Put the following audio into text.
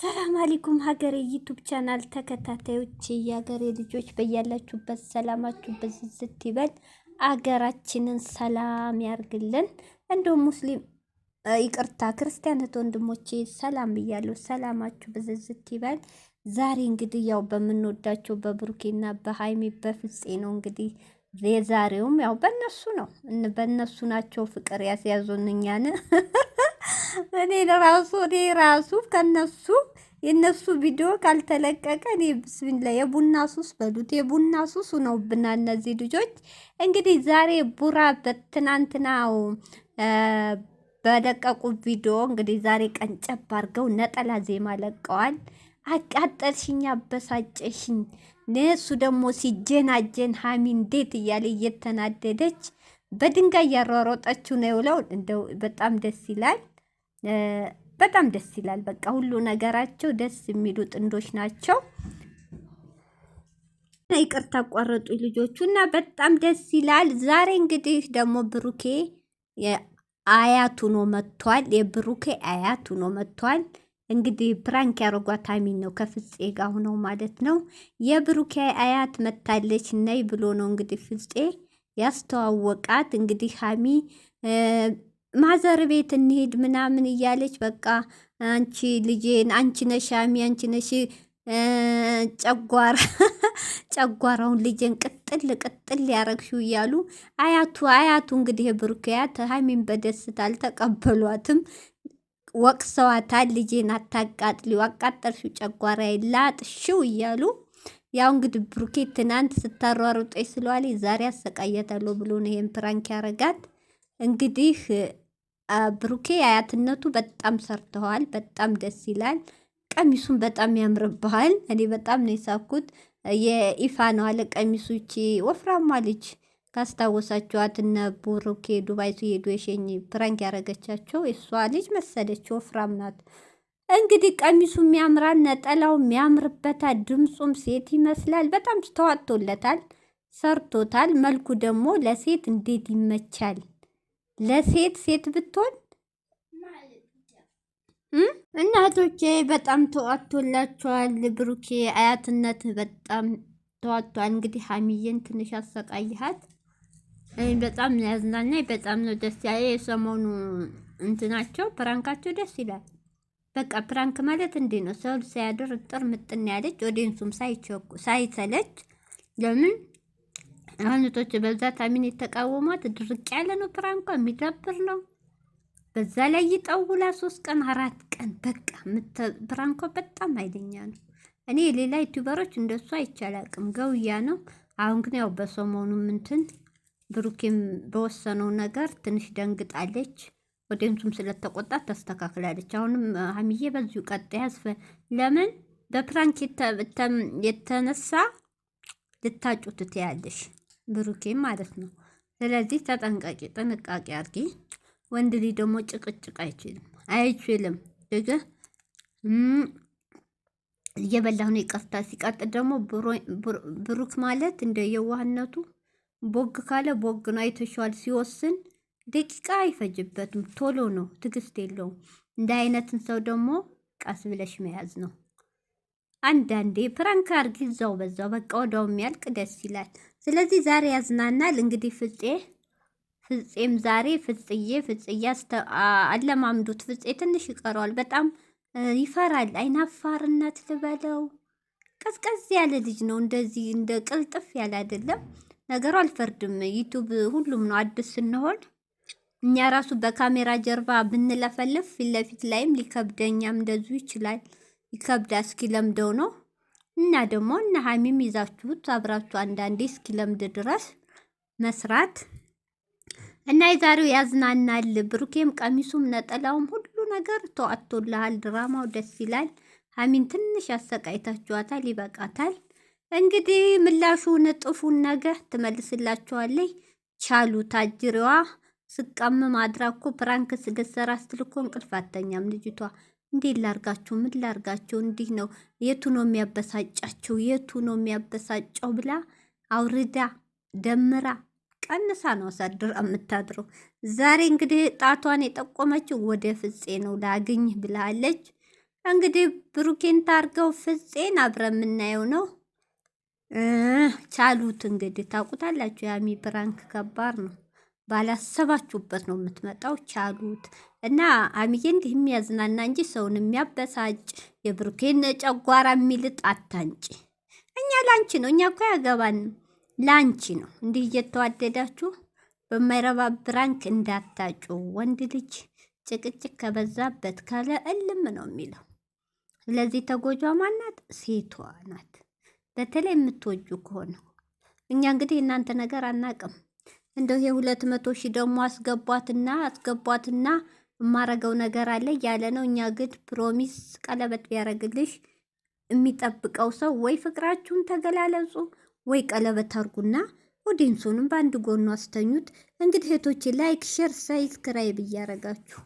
ሰላም አለይኩም ሀገሬ ዩቱብ ቻናል ተከታታዮች የሀገሬ ልጆች በያላችሁበት ሰላማችሁ በዝዝት ይበል። አገራችንን ሰላም ያርግልን። እንደውም ሙስሊም ይቅርታ ክርስቲያነት ወንድሞቼ ሰላም ብያለሁ። ሰላማችሁ ብዝዝት ይበል። ዛሬ እንግዲህ ያው በምንወዳቸው በብሩኬና በሀይሚ በፍፄ ነው እንግዲህ የዛሬውም ያው በእነሱ ነው፣ በእነሱ ናቸው ፍቅር ያስያዙን እኛን እኔ ለራሱ እኔ ራሱ ከነሱ የነሱ ቪዲዮ ካልተለቀቀ እኔ ብስሚላ የቡና ሱስ በሉት የቡና ሱስ ብና እነዚህ ልጆች እንግዲህ ዛሬ ቡራ በትናንትናው በለቀቁ ቪዲዮ እንግዲህ ዛሬ ቀንጨብ አድርገው ነጠላ ዜማ ለቀዋል። አቃጠልሽኝ፣ አበሳጨሽኝ። እሱ ደግሞ ሲጀናጀን ሀሚ እንዴት እያለ እየተናደደች በድንጋይ ያሯሮጠችው ነው የውለው። እንደው በጣም ደስ ይላል። በጣም ደስ ይላል። በቃ ሁሉ ነገራቸው ደስ የሚሉ ጥንዶች ናቸው። ይቅርታ አቋረጡ ልጆቹ እና በጣም ደስ ይላል። ዛሬ እንግዲህ ደግሞ ብሩኬ አያቱ ነው መጥቷል። የብሩኬ አያቱ ነው መጥቷል። እንግዲህ ፕራንክ ያረጓት አሚን ነው ከፍፄ ጋር ሆነው ማለት ነው። የብሩኬ አያት መታለች ነይ ብሎ ነው እንግዲህ ፍፄ ያስተዋወቃት። እንግዲህ ሀሚ ማዘር ቤት እንሄድ ምናምን እያለች በቃ አንቺ ልጄን አንቺ ነሽ አሚ አንቺ ነሽ ጨጓራ ጨጓራውን ልጄን ቅጥል ቅጥል ያረግሹ እያሉ አያቱ አያቱ እንግዲህ የብሩክ አያት ሀሚን በደስታ አልተቀበሏትም። ወቅሰዋታል። ልጄን አታቃጥሊው፣ አቃጠልሽው፣ ጨጓራ ላጥሽው እያሉ ያው እንግዲህ ብሩኬ ትናንት ስታሯሩጦ ስለዋል ዛሬ አሰቃየታለሁ ብሎ ነው ይሄን ፕራንክ ያረጋት እንግዲህ ብሩኬ አያትነቱ በጣም ሰርተዋል። በጣም ደስ ይላል። ቀሚሱን በጣም ያምርብሃል። እኔ በጣም ነው የሳኩት። የኢፋ ነው አለ ቀሚሱ። ይቺ ወፍራማ ልጅ ካስታወሳችኋት እነ ቡሩኬ ዱባይ ሲሄዱ የሸኝ ፕራንክ ያረገቻቸው የሷ ልጅ መሰለች፣ ወፍራም ናት። እንግዲህ ቀሚሱ የሚያምራል፣ ነጠላው ያምርበታል፣ ድምፁም ሴት ይመስላል። በጣም ተዋጥቶለታል፣ ሰርቶታል። መልኩ ደግሞ ለሴት እንዴት ይመቻል! ለሴት ሴት ብትሆን እናቶቼ በጣም ተዋቶላቸዋል። ብሩኬ አያትነት በጣም ተዋቷል። እንግዲህ ሀሚዬን ትንሽ አሰቃይሃት። በጣም ነው ያዝናና፣ በጣም ነው ደስ ያለ። የሰሞኑ እንትናቸው ፕራንካቸው ደስ ይላል። በቃ ፕራንክ ማለት እንዲህ ነው። ሰው ሳያድር እጥር ምጥን ያለች ኦዲንሱም ሳይቸኩ ሳይሰለች ለምን አሁን ልጆች በብዛት አሚን የተቃወሟት ድርቅ ያለ ነው። ፕራንኳ የሚደብር ነው። በዛ ላይ ይጠውላ ሶስት ቀን አራት ቀን በቃ ፕራንኳ በጣም አይደኛ ነው። እኔ ሌላ ዩቲዩበሮች እንደሱ አይቻላቅም ገውያ ነው። አሁን ግን ያው በሰሞኑ ምንትን ብሩኬም በወሰነው ነገር ትንሽ ደንግጣለች። ወደንሱም ስለተቆጣ ተስተካክላለች። አሁንም ሀሚዬ በዚሁ ቀጣይ ያስፈ ለምን በፕራንክ የተነሳ ልታጩ ትትያለሽ? ብሩኬም ማለት ነው። ስለዚህ ተጠንቀቂ፣ ጥንቃቄ አድርጊ። ወንድ ልጅ ደግሞ ጭቅጭቅ አይችልም አይችልም። ደገ እየበላሁ ነው ይቅርታ። ሲቀጥል ደግሞ ብሩክ ማለት እንደ የዋህነቱ ቦግ ካለ ቦግ ነው። አይተሸዋል። ሲወስን ደቂቃ አይፈጅበትም፣ ቶሎ ነው፣ ትግስት የለውም። እንደ አይነትን ሰው ደግሞ ቀስ ብለሽ መያዝ ነው። አንዳንዴ ፕራንክ አርጊ እዛው በዛው በቃ ወደው የሚያልቅ ደስ ይላል። ስለዚህ ዛሬ ያዝናናል። እንግዲህ ፍፄ ፍፄም ዛሬ ፍጽዬ ፍጽዬ አለማምዱት። ፍፄ ትንሽ ይቀረዋል። በጣም ይፈራል። አይናፋርነት ልበለው ቀዝቀዝ ያለ ልጅ ነው። እንደዚህ እንደ ቅልጥፍ ያለ አይደለም ነገሩ። አልፈርድም። ዩቱብ ሁሉም ነው። አዲስ ስንሆን እኛ ራሱ በካሜራ ጀርባ ብንለፈልፍ ፊት ለፊት ላይም ሊከብደኛም እንደዚሁ ይችላል። ይከብዳል። እስኪለምደው ነው እና ደግሞ እነ ሀሚም ይዛችሁት አብራችሁ አንዳንዴ እስኪለምድ ድረስ መስራት እና የዛሬው ያዝናናል። ብሩኬም ቀሚሱም ነጠላውም ሁሉ ነገር ተዋጥቶልሃል። ድራማው ደስ ይላል። ሀሚን ትንሽ ያሰቃይታችኋታል፣ ይበቃታል። እንግዲህ ምላሹን እጥፉን ነገር ትመልስላችኋለች። ቻሉ ታጅሪዋ ስቀምም አድራ ፕራንክስ ፕራንክ ልትሰራ እንቅልፍ አተኛም ልጅቷ። እንዴት ላርጋቸው ምን ላርጋቸው? እንዲህ ነው የቱ ነው የሚያበሳጫቸው? የቱ ነው የሚያበሳጨው ብላ አውርዳ ደምራ ቀንሳ ነው አሳድር የምታድረው። ዛሬ እንግዲህ ጣቷን የጠቆመችው ወደ ፍፄ ነው ላግኝህ ብላለች። እንግዲህ ብሩኬን ታርገው ፍፄን አብረ የምናየው ነው። ቻሉት እንግዲህ ታውቁታላችሁ። ያሚ ብራንክ ከባድ ነው። ባላሰባችሁበት ነው የምትመጣው። ቻሉት እና አሚዬ እንዲህ የሚያዝናና እንጂ ሰውን የሚያበሳጭ የብሩኬን ጨጓራ የሚልጥ አታንጭ። እኛ ላንቺ ነው፣ እኛ እኮ ያገባን ላንቺ ነው። እንዲህ እየተዋደዳችሁ በማይረባ ብራንክ እንዳታጩ። ወንድ ልጅ ጭቅጭቅ ከበዛበት ካለ እልም ነው የሚለው። ስለዚህ ተጎጇ ማናት? ሴቷ ናት። በተለይ የምትወጁ ከሆነ እኛ እንግዲህ እናንተ ነገር አናቅም። እንደው የሁለት መቶ ሺህ ደግሞ አስገቧትና አስገቧትና የማረገው ነገር አለ ያለ ነው። እኛ ግን ፕሮሚስ ቀለበት ቢያደርግልሽ የሚጠብቀው ሰው ወይ ፍቅራችሁን ተገላለጹ ወይ ቀለበት አርጉና ኦዲንሱንም በአንድ ጎኑ አስተኙት። እንግዲህ እህቶቼ ላይክ፣ ሼር፣ ሳብስክራይብ እያረጋችሁ